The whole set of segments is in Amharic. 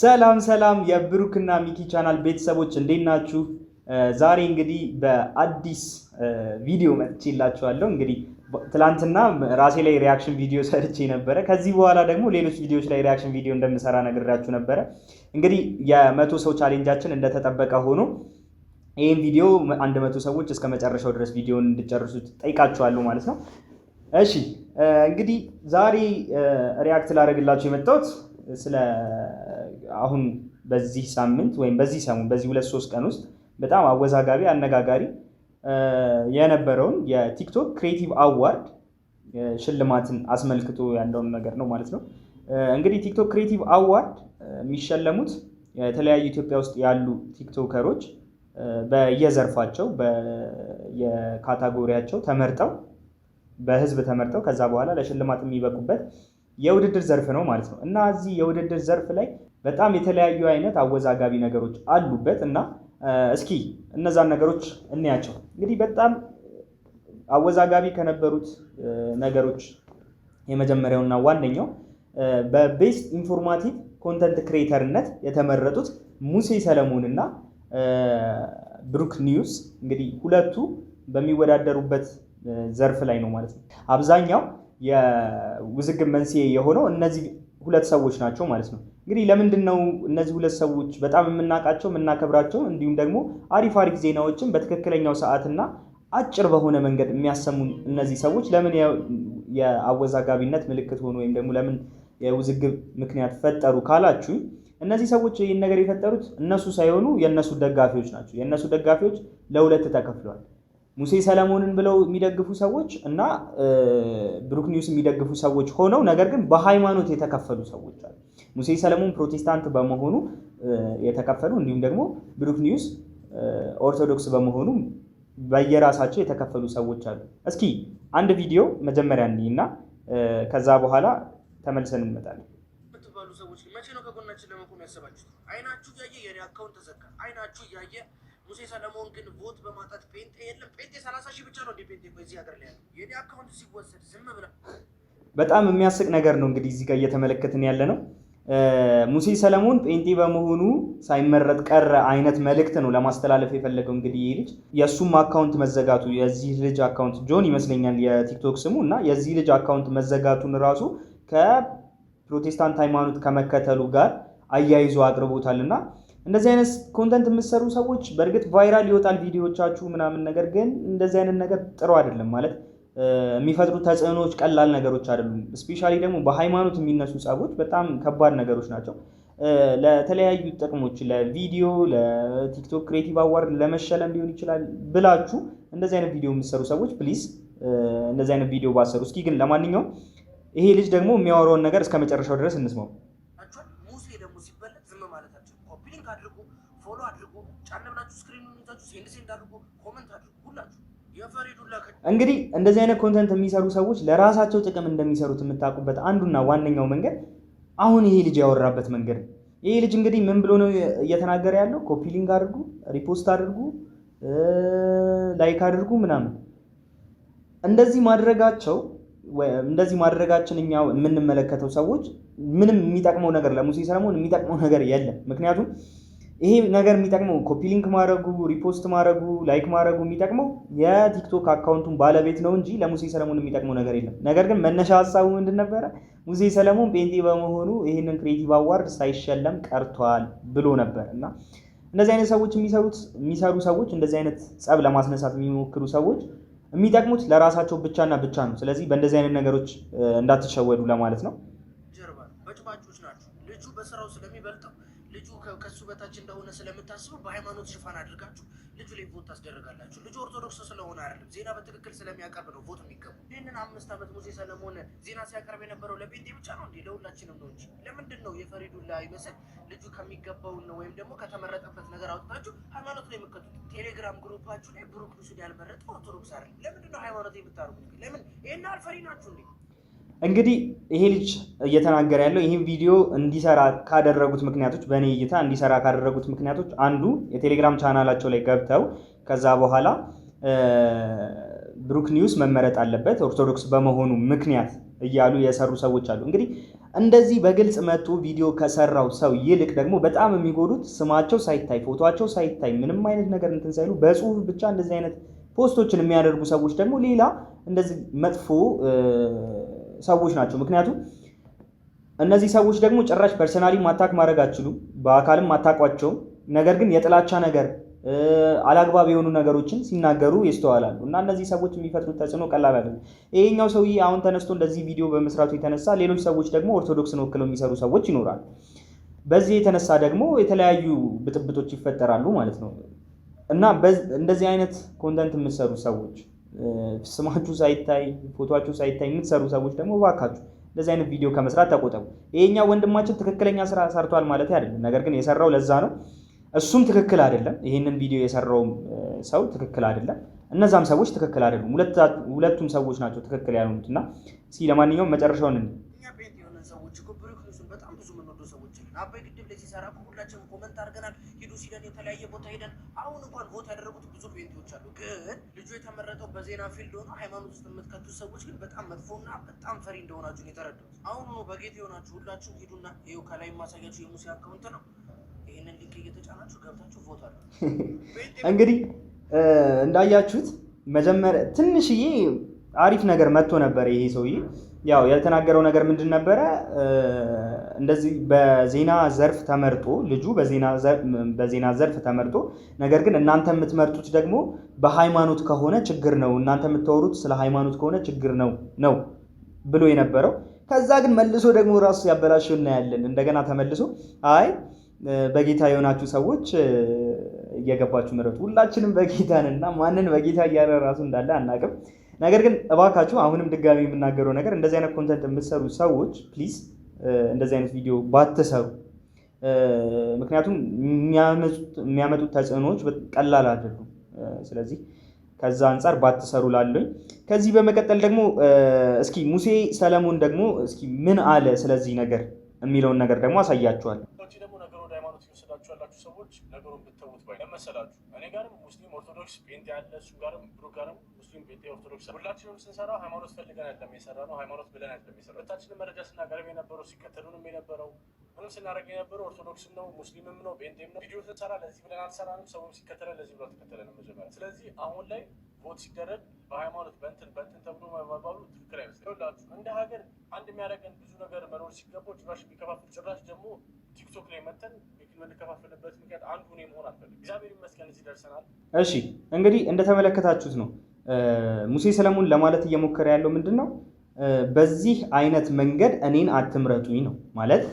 ሰላም ሰላም የብሩክና ሚኪ ቻናል ቤተሰቦች እንዴት ናችሁ? ዛሬ እንግዲህ በአዲስ ቪዲዮ መጥቼላችኋለሁ። እንግዲህ ትላንትና ራሴ ላይ ሪያክሽን ቪዲዮ ሰርቼ ነበረ። ከዚህ በኋላ ደግሞ ሌሎች ቪዲዮዎች ላይ ሪያክሽን ቪዲዮ እንደምሰራ ነግሬያችሁ ነበረ። እንግዲህ የመቶ ሰው ቻሌንጃችን እንደተጠበቀ ሆኖ ይህን ቪዲዮ አንድ መቶ ሰዎች እስከ መጨረሻው ድረስ ቪዲዮን እንድጨርሱት ጠይቃችኋለሁ ማለት ነው። እሺ እንግዲህ ዛሬ ሪያክት ላደርግላችሁ የመጣሁት ስለ አሁን በዚህ ሳምንት ወይም በዚህ ሰሙን በዚህ ሁለት ሶስት ቀን ውስጥ በጣም አወዛጋቢ አነጋጋሪ የነበረውን የቲክቶክ ክሬቲቭ አዋርድ ሽልማትን አስመልክቶ ያለውን ነገር ነው ማለት ነው። እንግዲህ ቲክቶክ ክሬቲቭ አዋርድ የሚሸለሙት የተለያዩ ኢትዮጵያ ውስጥ ያሉ ቲክቶከሮች በየዘርፋቸው በየካታጎሪያቸው ተመርጠው በህዝብ ተመርጠው ከዛ በኋላ ለሽልማት የሚበቁበት የውድድር ዘርፍ ነው ማለት ነው እና እዚህ የውድድር ዘርፍ ላይ በጣም የተለያዩ አይነት አወዛጋቢ ነገሮች አሉበት እና እስኪ እነዛን ነገሮች እንያቸው። እንግዲህ በጣም አወዛጋቢ ከነበሩት ነገሮች የመጀመሪያውና ዋነኛው በቤስት ኢንፎርማቲቭ ኮንተንት ክሬተርነት የተመረጡት ሙሴ ሰለሞን እና ብሩክ ኒውስ እንግዲህ ሁለቱ በሚወዳደሩበት ዘርፍ ላይ ነው ማለት ነው አብዛኛው የውዝግብ መንስኤ የሆነው እነዚህ ሁለት ሰዎች ናቸው ማለት ነው። እንግዲህ ለምንድን ነው እነዚህ ሁለት ሰዎች በጣም የምናውቃቸው የምናከብራቸው፣ እንዲሁም ደግሞ አሪፍ አሪፍ ዜናዎችን በትክክለኛው ሰዓትና አጭር በሆነ መንገድ የሚያሰሙ እነዚህ ሰዎች ለምን የአወዛጋቢነት ምልክት ሆኑ ወይም ደግሞ ለምን የውዝግብ ምክንያት ፈጠሩ ካላችሁ እነዚህ ሰዎች ይህን ነገር የፈጠሩት እነሱ ሳይሆኑ የእነሱ ደጋፊዎች ናቸው። የእነሱ ደጋፊዎች ለሁለት ተከፍለዋል። ሙሴ ሰለሞንን ብለው የሚደግፉ ሰዎች እና ብሩክ ኒውስ የሚደግፉ ሰዎች ሆነው ነገር ግን በሃይማኖት የተከፈሉ ሰዎች አሉ። ሙሴ ሰለሞን ፕሮቴስታንት በመሆኑ የተከፈሉ እንዲሁም ደግሞ ብሩክ ኒውስ ኦርቶዶክስ በመሆኑ በየራሳቸው የተከፈሉ ሰዎች አሉ። እስኪ አንድ ቪዲዮ መጀመሪያ እንይ እና ከዛ በኋላ ተመልሰን እንመጣለን። ሰዎች መቼ ነው ከጎናችን ለመቆም ያሰባችሁት? አይናችሁ እያየ የኔ አካውንት ተዘጋ። አይናችሁ እያየ ሙሴ ሰለሞን ግን ቮት በማጣት ጴንጤ የለም። ጴንጤ ሰላሳ ሺህ ብቻ ነው እንደ ጴንጤ እዚህ ሀገር ላይ ያለው። የኔ አካውንት ሲወሰድ ዝም ብለህ በጣም የሚያስቅ ነገር ነው። እንግዲህ እዚህ ጋር እየተመለከትን ያለ ነው። ሙሴ ሰለሞን ጴንጤ በመሆኑ ሳይመረጥ ቀረ አይነት መልእክት ነው ለማስተላለፍ የፈለገው። እንግዲህ ይህ ልጅ የእሱም አካውንት መዘጋቱ የዚህ ልጅ አካውንት ጆን ይመስለኛል የቲክቶክ ስሙ እና የዚህ ልጅ አካውንት መዘጋቱን ራሱ ከፕሮቴስታንት ሃይማኖት ከመከተሉ ጋር አያይዞ አቅርቦታል እና እንደዚህ አይነት ኮንተንት የምትሰሩ ሰዎች በእርግጥ ቫይራል ይወጣል ቪዲዮቻችሁ ምናምን፣ ነገር ግን እንደዚህ አይነት ነገር ጥሩ አይደለም ማለት የሚፈጥሩ ተጽዕኖዎች ቀላል ነገሮች አይደሉም። እስፔሻሊ ደግሞ በሃይማኖት የሚነሱ ጸቦች በጣም ከባድ ነገሮች ናቸው። ለተለያዩ ጥቅሞች፣ ለቪዲዮ፣ ለቲክቶክ ክሬቲቭ አዋርድ ለመሸለም ሊሆን ይችላል ብላችሁ እንደዚህ አይነት ቪዲዮ የምትሰሩ ሰዎች ፕሊዝ እንደዚህ አይነት ቪዲዮ ባሰሩ። እስኪ ግን ለማንኛውም ይሄ ልጅ ደግሞ የሚያወራውን ነገር እስከ መጨረሻው ድረስ እንስማው። ላይክ አድርጉ፣ ፎሎ አድርጉ፣ ጫን ብላችሁ ስክሪኑን ይዛችሁ ሴንድ ሴንድ አድርጉ፣ ኮመንት አድርጉ ሁላችሁ። እንግዲህ እንደዚህ አይነት ኮንተንት የሚሰሩ ሰዎች ለራሳቸው ጥቅም እንደሚሰሩት የምታውቁበት አንዱና ዋነኛው መንገድ አሁን ይሄ ልጅ ያወራበት መንገድ ነው። ይሄ ልጅ እንግዲህ ምን ብሎ ነው እየተናገረ ያለው? ኮፒሊንግ አድርጉ፣ ሪፖስት አድርጉ፣ ላይክ አድርጉ ምናምን እንደዚህ ማድረጋቸው እንደዚህ ማድረጋችን እኛ የምንመለከተው ሰዎች ምንም የሚጠቅመው ነገር ለሙሴ ሰለሞን የሚጠቅመው ነገር የለም። ምክንያቱም ይሄ ነገር የሚጠቅመው ኮፒ ሊንክ ማድረጉ፣ ሪፖስት ማድረጉ፣ ላይክ ማድረጉ የሚጠቅመው የቲክቶክ አካውንቱን ባለቤት ነው እንጂ ለሙሴ ሰለሞን የሚጠቅመው ነገር የለም። ነገር ግን መነሻ ሀሳቡ ምንድን ነበረ? ሙሴ ሰለሞን ጴንጤ በመሆኑ ይህንን ክሬቲቭ አዋርድ ሳይሸለም ቀርቷል ብሎ ነበር እና እንደዚህ አይነት ሰዎች የሚሰሩት የሚሰሩ ሰዎች እንደዚህ አይነት ጸብ ለማስነሳት የሚሞክሩ ሰዎች የሚጠቅሙት ለራሳቸው ብቻና ብቻ ነው። ስለዚህ በእንደዚህ አይነት ነገሮች እንዳትሸወዱ ለማለት ነው። ጀርባ በጭባጮች ናቸው። ልጁ በስራው ስለሚበልጠው ልጁ ከሱ በታች እንደሆነ ስለምታስበው በሃይማኖት ሽፋን አድርጋችሁ ልጁ ላይ ቮት ታስደርጋላችሁ። ልጁ ኦርቶዶክስ ስለሆነ አይደለም፣ ዜና በትክክል ስለሚያቀርብ ነው ቮት የሚገቡ። ይህንን አምስት ዓመት ሙሴ ሰለሞን ዜና ሲያቀርብ የነበረው ለጴንጤ ብቻ ነው እንዴ? ለሁላችንም ነው እንጂ። ለምንድን ነው የፈሪዱላ ይመስል ልጁ ከሚገባው ነው ወይም ደግሞ ከተመረጠበት ነገር አውጥታችሁ ሃይማኖት ላይ የምከቱት? ቴሌግራም ግሩፓችሁ ላይ ብሩክ ሱድ ያልመረጠ ኦርቶዶክስ አይደለም። ለምንድን ነው ሃይማኖት የምታደርጉት? ለምን ይህን አልፈሪ ናችሁ እንዴ? እንግዲህ ይሄ ልጅ እየተናገረ ያለው ይህን ቪዲዮ እንዲሰራ ካደረጉት ምክንያቶች በእኔ እይታ እንዲሰራ ካደረጉት ምክንያቶች አንዱ የቴሌግራም ቻናላቸው ላይ ገብተው ከዛ በኋላ ብሩክ ኒውስ መመረጥ አለበት ኦርቶዶክስ በመሆኑ ምክንያት እያሉ የሰሩ ሰዎች አሉ። እንግዲህ እንደዚህ በግልጽ መጥቶ ቪዲዮ ከሰራው ሰው ይልቅ ደግሞ በጣም የሚጎዱት ስማቸው ሳይታይ ፎቶቸው ሳይታይ ምንም አይነት ነገር እንትን ሳይሉ በጽሁፍ ብቻ እንደዚህ አይነት ፖስቶችን የሚያደርጉ ሰዎች ደግሞ ሌላ እንደዚህ መጥፎ ሰዎች ናቸው። ምክንያቱም እነዚህ ሰዎች ደግሞ ጭራሽ ፐርሰናሊ ማታክ ማድረግ አትችሉም፣ በአካልም ማታቋቸው ነገር ግን የጥላቻ ነገር አላግባብ የሆኑ ነገሮችን ሲናገሩ ይስተዋላሉ እና እነዚህ ሰዎች የሚፈጥሩት ተጽዕኖ ቀላል አይደለም። ይሄኛው ሰውዬ አሁን ተነስቶ እንደዚህ ቪዲዮ በመስራቱ የተነሳ ሌሎች ሰዎች ደግሞ ኦርቶዶክስን ወክለው የሚሰሩ ሰዎች ይኖራሉ። በዚህ የተነሳ ደግሞ የተለያዩ ብጥብጦች ይፈጠራሉ ማለት ነው እና እንደዚህ አይነት ኮንተንት የምትሰሩ ሰዎች ስማችሁ ሳይታይ ፎቶችሁ ሳይታይ የምትሰሩ ሰዎች ደግሞ እባካችሁ እንደዚህ አይነት ቪዲዮ ከመስራት ተቆጠቡ። ይሄኛው ወንድማችን ትክክለኛ ስራ ሰርቷል ማለት አይደለም፣ ነገር ግን የሰራው ለዛ ነው። እሱም ትክክል አይደለም። ይህንን ቪዲዮ የሰራውም ሰው ትክክል አይደለም። እነዛም ሰዎች ትክክል አይደሉም። ሁለቱም ሰዎች ናቸው ትክክል ያልሆኑት እና እስኪ ለማንኛውም መጨረሻውን ሰዎች በጣም ብዙ የምንወደው ሰዎች አባይ ግድብ ላይ ሲሰራ ሁላችንም ኮመንት አድርገናል። ቅዱስ ሂደን የተለያየ ቦታ ሄደን አሁን እንኳን ቮት ያደረጉት ብዙ ፔንቲዎች አሉ። ግን ልጁ የተመረጠው በዜና ፊልድ ሆኖ ሃይማኖት ውስጥ የምትከቱ ሰዎች ግን በጣም መጥፎና በጣም ፈሪ እንደሆናችሁ የተረዱት አሁን ሆኖ በጌት የሆናችሁ ሁላችሁ ሂዱና ይኸው ከላይ ማሳያችሁ የሙሴ አካውንት ነው። ይህንን ሊንክ እየተጫናችሁ ገብታችሁ ቮት አለ። እንግዲህ እንዳያችሁት መጀመሪያ ትንሽዬ አሪፍ ነገር መጥቶ ነበር ይሄ ሰውዬ ያው ያልተናገረው ነገር ምንድን ነበረ? እንደዚህ በዜና ዘርፍ ተመርጦ ልጁ በዜና ዘርፍ ተመርጦ፣ ነገር ግን እናንተ የምትመርጡት ደግሞ በሃይማኖት ከሆነ ችግር ነው፣ እናንተ የምታወሩት ስለ ሃይማኖት ከሆነ ችግር ነው ነው ብሎ የነበረው። ከዛ ግን መልሶ ደግሞ ራሱ ያበላሸው እናያለን። እንደገና ተመልሶ አይ በጌታ የሆናችሁ ሰዎች እየገባችሁ ምረጡ፣ ሁላችንም በጌታ እና ማንን በጌታ እያለ ራሱ እንዳለ አናቅም። ነገር ግን እባካችሁ አሁንም ድጋሚ የምናገረው ነገር እንደዚህ አይነት ኮንተንት የምትሰሩ ሰዎች ፕሊዝ እንደዚህ አይነት ቪዲዮ ባትሰሩ። ምክንያቱም የሚያመጡት ተጽዕኖዎች ቀላል አይደሉም። ስለዚህ ከዛ አንጻር ባትሰሩ ላለኝ። ከዚህ በመቀጠል ደግሞ እስኪ ሙሴ ሰለሞን ደግሞ እስኪ ምን አለ ስለዚህ ነገር የሚለውን ነገር ደግሞ አሳያቸዋል። ሰዎች ነገሩን ብትተዉት ባይ ለመሰላችሁ። እኔ ጋርም ሙስሊም ኦርቶዶክስ ጴንጤ ያለ እሱ ጋርም ብሩ ጋርም ሙስሊም ጴንጤ ኦርቶዶክስ ሁላችንም ስንሰራ ሃይማኖት ፈልገን አይደለም የሰራ ነው ሃይማኖት ብለን አይደለም የሰራ ሁለታችንም መረጃ ስናቀርብ የነበረው ሲከተሉንም የነበረው ምንም ስናደርግ የነበረው ኦርቶዶክስም ነው ሙስሊምም ነው ጴንጤም ነው። ቪዲዮ ስንሰራ ለዚህ ብለን አልሰራንም። ሰውም ሲከተለ ለዚህ ብሎ ተከተለንም መጀመሪያ። ስለዚህ አሁን ላይ ቦት ሲደረግ በሃይማኖት በንትን በንትን ተብሎ መባባሉ ትክክል አይመስለኝም። እንደ ሀገር አንድ የሚያደርገን ብዙ ነገር መኖር ሲገባው ጭራሽ የሚከፋፍል ጭራሽ ደግሞ ቲክቶክ ላይ መተን ምክንያት አንዱ እኔ መሆን አልፈልግም። እግዚአብሔር ይመስገን እዚህ ደርሰናል። እሺ እንግዲህ እንደተመለከታችሁት ነው ሙሴ ሰለሞን ለማለት እየሞከረ ያለው ምንድን ነው? በዚህ አይነት መንገድ እኔን አትምረጡኝ ነው ማለት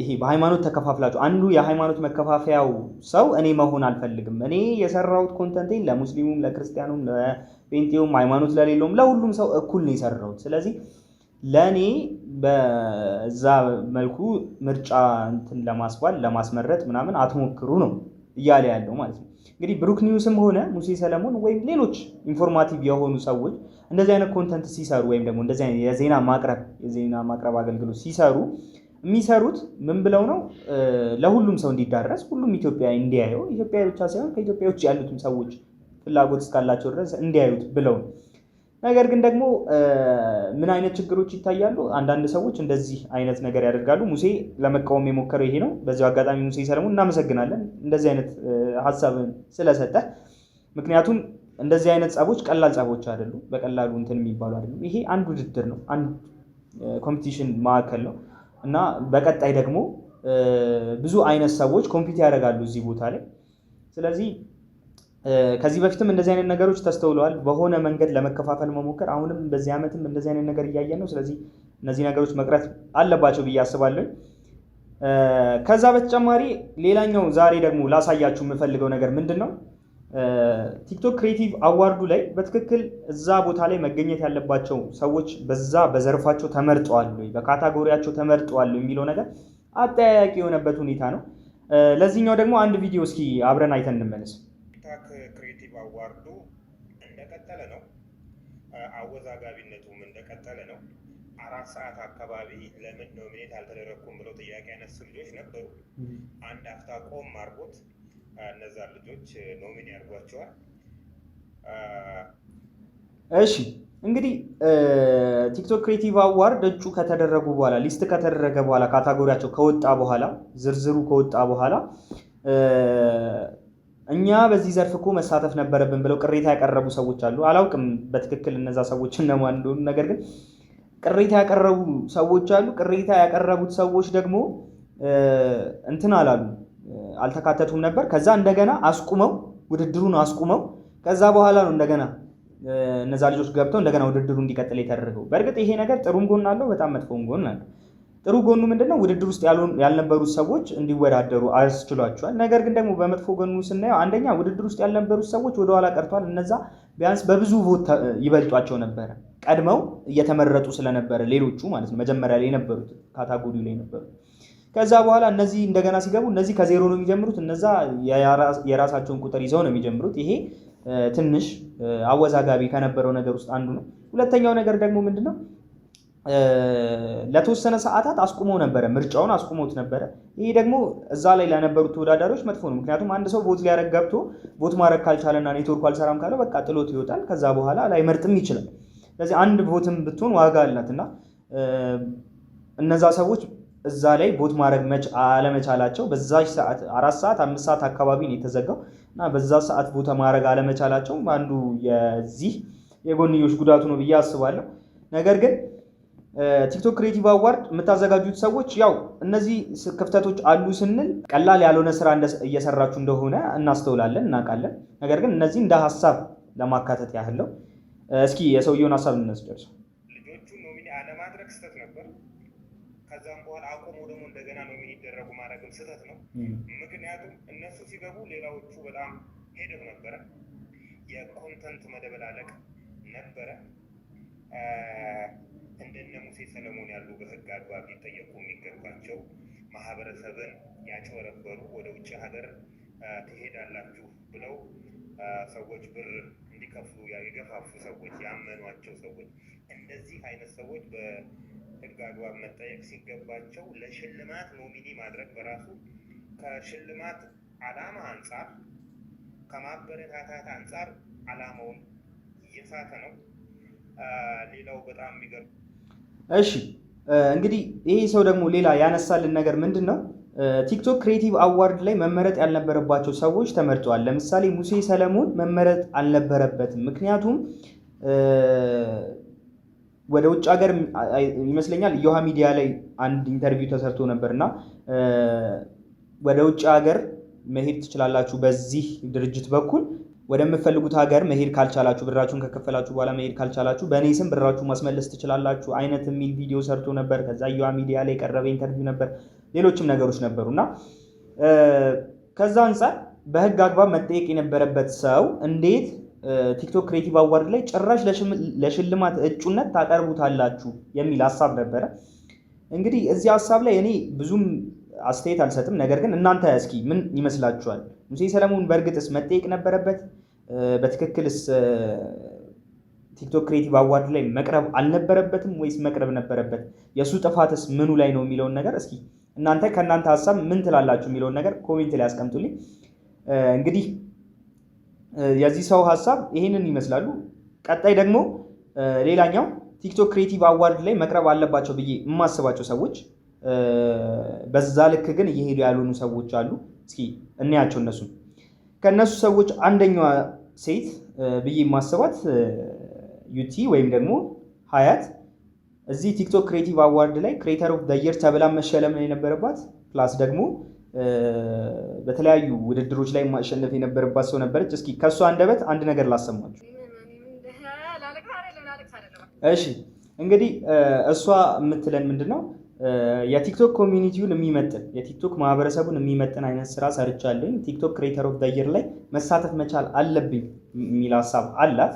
ይሄ በሃይማኖት ተከፋፍላችሁ አንዱ የሃይማኖት መከፋፈያው ሰው እኔ መሆን አልፈልግም። እኔ የሰራሁት ኮንተንቴን ለሙስሊሙም፣ ለክርስቲያኑም፣ ለጴንጤውም ሃይማኖት ለሌለውም ለሁሉም ሰው እኩል ነው የሰራሁት። ስለዚህ ለእኔ በዛ መልኩ ምርጫ እንትን ለማስባል ለማስመረጥ ምናምን አትሞክሩ ነው እያለ ያለው ማለት ነው። እንግዲህ ብሩክ ኒውስም ሆነ ሙሴ ሰለሞን ወይም ሌሎች ኢንፎርማቲቭ የሆኑ ሰዎች እንደዚህ አይነት ኮንተንት ሲሰሩ ወይም ደግሞ እንደዚህ አይነት የዜና ማቅረብ የዜና ማቅረብ አገልግሎት ሲሰሩ የሚሰሩት ምን ብለው ነው? ለሁሉም ሰው እንዲዳረስ ሁሉም ኢትዮጵያ እንዲያየው ኢትዮጵያ ብቻ ሳይሆን ከኢትዮጵያ ውጭ ያሉትም ሰዎች ፍላጎት እስካላቸው ድረስ እንዲያዩት ብለው ነገር ግን ደግሞ ምን አይነት ችግሮች ይታያሉ? አንዳንድ ሰዎች እንደዚህ አይነት ነገር ያደርጋሉ። ሙሴ ለመቃወም የሞከረው ይሄ ነው። በዚሁ አጋጣሚ ሙሴ ሰለሞን እናመሰግናለን እንደዚህ አይነት ሀሳብን ስለሰጠ። ምክንያቱም እንደዚህ አይነት ጸቦች ቀላል ጸቦች አይደሉም፣ በቀላሉ እንትን የሚባሉ አይደሉም። ይሄ አንድ ውድድር ነው፣ አንድ ኮምፒቲሽን ማዕከል ነው እና በቀጣይ ደግሞ ብዙ አይነት ሰዎች ኮምፒት ያደርጋሉ እዚህ ቦታ ላይ ስለዚህ ከዚህ በፊትም እንደዚህ አይነት ነገሮች ተስተውለዋል። በሆነ መንገድ ለመከፋፈል መሞከር አሁንም በዚህ ዓመትም እንደዚህ አይነት ነገር እያየን ነው። ስለዚህ እነዚህ ነገሮች መቅረት አለባቸው ብዬ አስባለሁ። ከዛ በተጨማሪ ሌላኛው ዛሬ ደግሞ ላሳያችሁ የምፈልገው ነገር ምንድን ነው፣ ቲክቶክ ክሬቲቭ አዋርዱ ላይ በትክክል እዛ ቦታ ላይ መገኘት ያለባቸው ሰዎች በዛ በዘርፋቸው ተመርጠዋል ወይ በካታጎሪያቸው ተመርጠዋል የሚለው ነገር አጠያያቂ የሆነበት ሁኔታ ነው። ለዚህኛው ደግሞ አንድ ቪዲዮ እስኪ አብረን አይተን እንመለስ። አዋርዱ እንደቀጠለ ነው። አወዛጋቢነቱም እንደቀጠለ ነው። አራት ሰዓት አካባቢ ለምን ኖሚኔት አልተደረግኩም ብለው ጥያቄ ያነሱ ልጆች ነበሩ። አንድ አፍታ ቆም አድርጎት እነዛ ልጆች ኖሚኔ አድርጓቸዋል። እሺ እንግዲህ ቲክቶክ ክሬቲቭ አዋርድ እጩ ከተደረጉ በኋላ ሊስት ከተደረገ በኋላ ካታጎሪያቸው ከወጣ በኋላ ዝርዝሩ ከወጣ በኋላ እኛ በዚህ ዘርፍ እኮ መሳተፍ ነበረብን ብለው ቅሬታ ያቀረቡ ሰዎች አሉ። አላውቅም በትክክል እነዛ ሰዎች እነማን እንደሆኑ፣ ነገር ግን ቅሬታ ያቀረቡ ሰዎች አሉ። ቅሬታ ያቀረቡት ሰዎች ደግሞ እንትን አላሉ፣ አልተካተቱም ነበር። ከዛ እንደገና አስቁመው ውድድሩን አስቁመው ከዛ በኋላ ነው እንደገና እነዛ ልጆች ገብተው እንደገና ውድድሩ እንዲቀጥል የተደረገው። በእርግጥ ይሄ ነገር ጥሩም ጎን አለው፣ በጣም መጥፎም ጎን አለው። ጥሩ ጎኑ ምንድነው? ውድድር ውስጥ ያልነበሩት ሰዎች እንዲወዳደሩ አስችሏቸዋል። ነገር ግን ደግሞ በመጥፎ ጎኑ ስናየው አንደኛ ውድድር ውስጥ ያልነበሩት ሰዎች ወደኋላ ቀርተዋል። እነዛ ቢያንስ በብዙ ቦት ይበልጧቸው ነበረ። ቀድመው እየተመረጡ ስለነበረ ሌሎቹ ማለት ነው መጀመሪያ ላይ የነበሩት ካታጎሪ ላይ የነበሩት ከዛ በኋላ እነዚህ እንደገና ሲገቡ እነዚህ ከዜሮ ነው የሚጀምሩት። እነዛ የራሳቸውን ቁጥር ይዘው ነው የሚጀምሩት። ይሄ ትንሽ አወዛጋቢ ከነበረው ነገር ውስጥ አንዱ ነው። ሁለተኛው ነገር ደግሞ ምንድነው ለተወሰነ ሰዓታት አስቁሞ ነበረ፣ ምርጫውን አስቁሞት ነበረ። ይሄ ደግሞ እዛ ላይ ለነበሩት ተወዳዳሪዎች መጥፎ ነው። ምክንያቱም አንድ ሰው ቦት ሊያረግ ገብቶ ቦት ማድረግ ካልቻለና ኔትወርኩ አልሰራም ካለ በቃ ጥሎት ይወጣል። ከዛ በኋላ ላይመርጥም ይችላል። ስለዚህ አንድ ቦትም ብትሆን ዋጋ አላት እና እነዛ ሰዎች እዛ ላይ ቦት ማድረግ አለመቻላቸው በዛች ሰዓት አራት ሰዓት አምስት ሰዓት አካባቢ ነው የተዘጋው እና በዛ ሰዓት ቦታ ማድረግ አለመቻላቸው አንዱ የዚህ የጎንዮሽ ጉዳቱ ነው ብዬ አስባለሁ። ነገር ግን ቲክቶክ ክሬቲቭ አዋርድ የምታዘጋጁት ሰዎች ያው እነዚህ ክፍተቶች አሉ ስንል ቀላል ያልሆነ ስራ እየሰራችሁ እንደሆነ እናስተውላለን፣ እናውቃለን። ነገር ግን እነዚህ እንደ ሀሳብ ለማካተት ያህል ነው። እስኪ የሰውየውን ሀሳብ እንስጨርሰው። ልጆቹ ኖሚኒ አለማድረግ ስህተት ነበር። ከዛም በኋላ አቆሙ ደግሞ እንደገና ኖሚኒ ይደረጉ ማድረግም ስህተት ነው። ምክንያቱም እነሱ ሲገቡ ሌላዎቹ በጣም ሄደው ነበረ። የኮንተንት መደበላለቅ ነበረ። እንደነ ሙሴ ሰለሞን ያሉ በህግ አግባብ ሊጠየቁ የሚገባቸው ማህበረሰብን ያጭበረበሩ ወደ ውጭ ሀገር ትሄዳላችሁ ብለው ሰዎች ብር እንዲከፍሉ የገፋፉ ሰዎች፣ ያመኗቸው ሰዎች እንደዚህ አይነት ሰዎች በህግ አግባብ መጠየቅ ሲገባቸው ለሽልማት ኖሚኒ ማድረግ በራሱ ከሽልማት ዓላማ አንጻር ከማበረታታት አንጻር ዓላማውን እየሳተ ነው። ሌላው በጣም የሚገርም እሺ እንግዲህ ይሄ ሰው ደግሞ ሌላ ያነሳልን ነገር ምንድን ነው? ቲክቶክ ክሬቲቭ አዋርድ ላይ መመረጥ ያልነበረባቸው ሰዎች ተመርጠዋል። ለምሳሌ ሙሴ ሰለሞን መመረጥ አልነበረበትም። ምክንያቱም ወደ ውጭ ሀገር ይመስለኛል ዮሃ ሚዲያ ላይ አንድ ኢንተርቪው ተሰርቶ ነበር እና ወደ ውጭ ሀገር መሄድ ትችላላችሁ በዚህ ድርጅት በኩል ወደምፈልጉት ሀገር መሄድ ካልቻላችሁ ብራችሁን ከከፈላችሁ በኋላ መሄድ ካልቻላችሁ በእኔ ስም ብራችሁ ማስመለስ ትችላላችሁ አይነት የሚል ቪዲዮ ሰርቶ ነበር። ከዛ ዩዋ ሚዲያ ላይ የቀረበ ኢንተርቪው ነበር፣ ሌሎችም ነገሮች ነበሩ እና ከዛ አንጻር በህግ አግባብ መጠየቅ የነበረበት ሰው እንዴት ቲክቶክ ክሬቲቭ አዋርድ ላይ ጭራሽ ለሽልማት እጩነት ታቀርቡታላችሁ የሚል ሀሳብ ነበረ። እንግዲህ እዚህ ሀሳብ ላይ እኔ ብዙም አስተያየት አልሰጥም። ነገር ግን እናንተ እስኪ ምን ይመስላችኋል? ሙሴ ሰለሞን በእርግጥስ መጠየቅ ነበረበት? በትክክልስ ቲክቶክ ክሬቲቭ አዋርድ ላይ መቅረብ አልነበረበትም ወይስ መቅረብ ነበረበት? የእሱ ጥፋትስ ምኑ ላይ ነው የሚለውን ነገር እስኪ እናንተ ከእናንተ ሀሳብ ምን ትላላችሁ የሚለውን ነገር ኮሜንት ላይ ያስቀምጡልኝ። እንግዲህ የዚህ ሰው ሀሳብ ይሄንን ይመስላሉ። ቀጣይ ደግሞ ሌላኛው ቲክቶክ ክሬቲቭ አዋርድ ላይ መቅረብ አለባቸው ብዬ የማስባቸው ሰዎች፣ በዛ ልክ ግን እየሄዱ ያልሆኑ ሰዎች አሉ። እስኪ እንያቸው እነሱ ከእነሱ ሰዎች አንደኛዋ ሴት ብዬ ማሰባት ዩቲ ወይም ደግሞ ሀያት እዚህ ቲክቶክ ክሬቲቭ አዋርድ ላይ ክሬተር ኦፍ ዘ ተብላ መሸለም ነው የነበረባት። ፕላስ ደግሞ በተለያዩ ውድድሮች ላይ ማሸነፍ የነበረባት ሰው ነበረች። እስኪ ከእሱ አንደበት አንድ ነገር ላሰማችሁ። እሺ እንግዲህ እሷ የምትለን ምንድን ነው የቲክቶክ ኮሚኒቲውን የሚመጥን የቲክቶክ ማህበረሰቡን የሚመጥን አይነት ስራ ሰርቻለኝ። ቲክቶክ ክሬተር ኦፍ ዳየር ላይ መሳተፍ መቻል አለብኝ የሚል ሀሳብ አላት።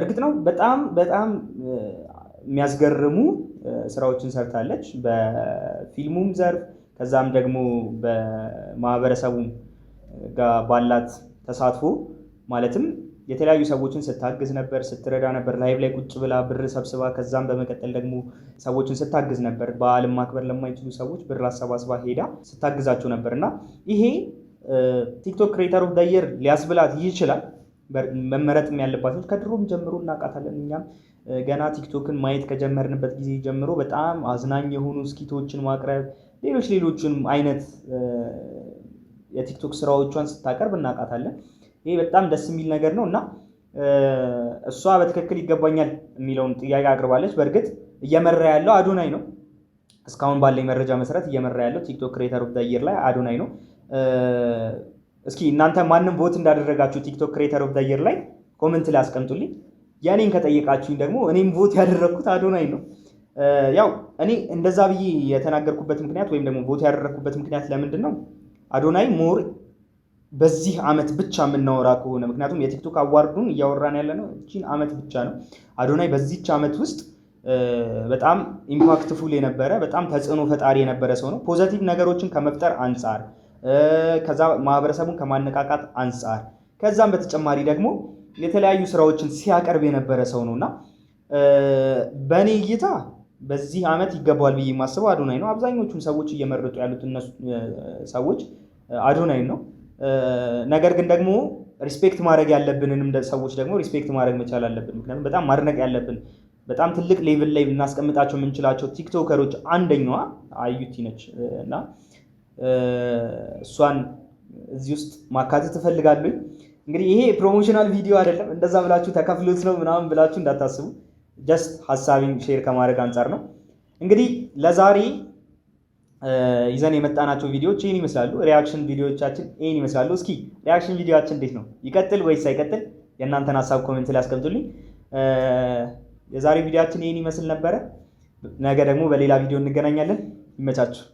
እርግጥ ነው በጣም በጣም የሚያስገርሙ ስራዎችን ሰርታለች በፊልሙም ዘርፍ ከዛም ደግሞ በማህበረሰቡ ጋር ባላት ተሳትፎ ማለትም የተለያዩ ሰዎችን ስታግዝ ነበር፣ ስትረዳ ነበር። ላይቭ ላይ ቁጭ ብላ ብር ሰብስባ ከዛም በመቀጠል ደግሞ ሰዎችን ስታግዝ ነበር። በዓል ማክበር ለማይችሉ ሰዎች ብር አሰባስባ ሄዳ ስታግዛቸው ነበር እና ይሄ ቲክቶክ ክሬተር ኦፍ ዘ ሊያስብላት ይችላል። መመረጥም ያለባቸው ከድሮም ጀምሮ እናውቃታለን። እኛም ገና ቲክቶክን ማየት ከጀመርንበት ጊዜ ጀምሮ በጣም አዝናኝ የሆኑ ስኪቶችን ማቅረብ፣ ሌሎች ሌሎችንም አይነት የቲክቶክ ስራዎቿን ስታቀርብ እናውቃታለን። ይሄ በጣም ደስ የሚል ነገር ነው እና እሷ በትክክል ይገባኛል የሚለውን ጥያቄ አቅርባለች። በእርግጥ እየመራ ያለው አዶናይ ነው። እስካሁን ባለኝ መረጃ መሰረት እየመራ ያለው ቲክቶክ ክሬተር ኦፍ ዘ ላይ አዶናይ ነው። እስኪ እናንተ ማንም ቦት እንዳደረጋችሁ ቲክቶክ ክሬተር ኦፍ ዘ ላይ ኮመንት ላይ አስቀምጡልኝ። የእኔን ከጠየቃችሁኝ ደግሞ እኔም ቦት ያደረግኩት አዶናይ ነው። ያው እኔ እንደዛ ብዬ የተናገርኩበት ምክንያት ወይም ደግሞ ቦት ያደረግኩበት ምክንያት ለምንድን ነው አዶናይ ሞር በዚህ ዓመት ብቻ የምናወራ ከሆነ ምክንያቱም የቲክቶክ አዋርዱን እያወራን ያለ ነው እቺን ዓመት ብቻ ነው። አዶናይ በዚች ዓመት ውስጥ በጣም ኢምፓክትፉል የነበረ በጣም ተጽዕኖ ፈጣሪ የነበረ ሰው ነው። ፖዘቲቭ ነገሮችን ከመፍጠር አንጻር፣ ከዛ ማህበረሰቡን ከማነቃቃት አንጻር፣ ከዛም በተጨማሪ ደግሞ የተለያዩ ስራዎችን ሲያቀርብ የነበረ ሰው ነው እና በእኔ እይታ በዚህ ዓመት ይገባዋል ብዬ የማስበው አዶናይ ነው። አብዛኞቹን ሰዎች እየመረጡ ያሉት ሰዎች አዶናይ ነው። ነገር ግን ደግሞ ሪስፔክት ማድረግ ያለብንንም ሰዎች ደግሞ ሪስፔክት ማድረግ መቻል አለብን። ምክንያቱም በጣም ማድነቅ ያለብን በጣም ትልቅ ሌቭል ላይ ልናስቀምጣቸው የምንችላቸው ቲክቶከሮች አንደኛዋ አዩቲ ነች እና እሷን እዚህ ውስጥ ማካተት እፈልጋለሁኝ። እንግዲህ ይሄ ፕሮሞሽናል ቪዲዮ አይደለም፣ እንደዛ ብላችሁ ተከፍሎት ነው ምናምን ብላችሁ እንዳታስቡ። ጀስት ሀሳቢ ሼር ከማድረግ አንጻር ነው። እንግዲህ ለዛሬ ይዘን የመጣናቸው ቪዲዮዎች ይህን ይመስላሉ። ሪያክሽን ቪዲዮዎቻችን ይህን ይመስላሉ። እስኪ ሪያክሽን ቪዲዮችን እንዴት ነው ይቀጥል ወይስ አይቀጥል? የእናንተን ሀሳብ ኮሜንት ላይ አስቀምጡልኝ። የዛሬ ቪዲዮችን ይህን ይመስል ነበረ። ነገ ደግሞ በሌላ ቪዲዮ እንገናኛለን። ይመቻችሁ።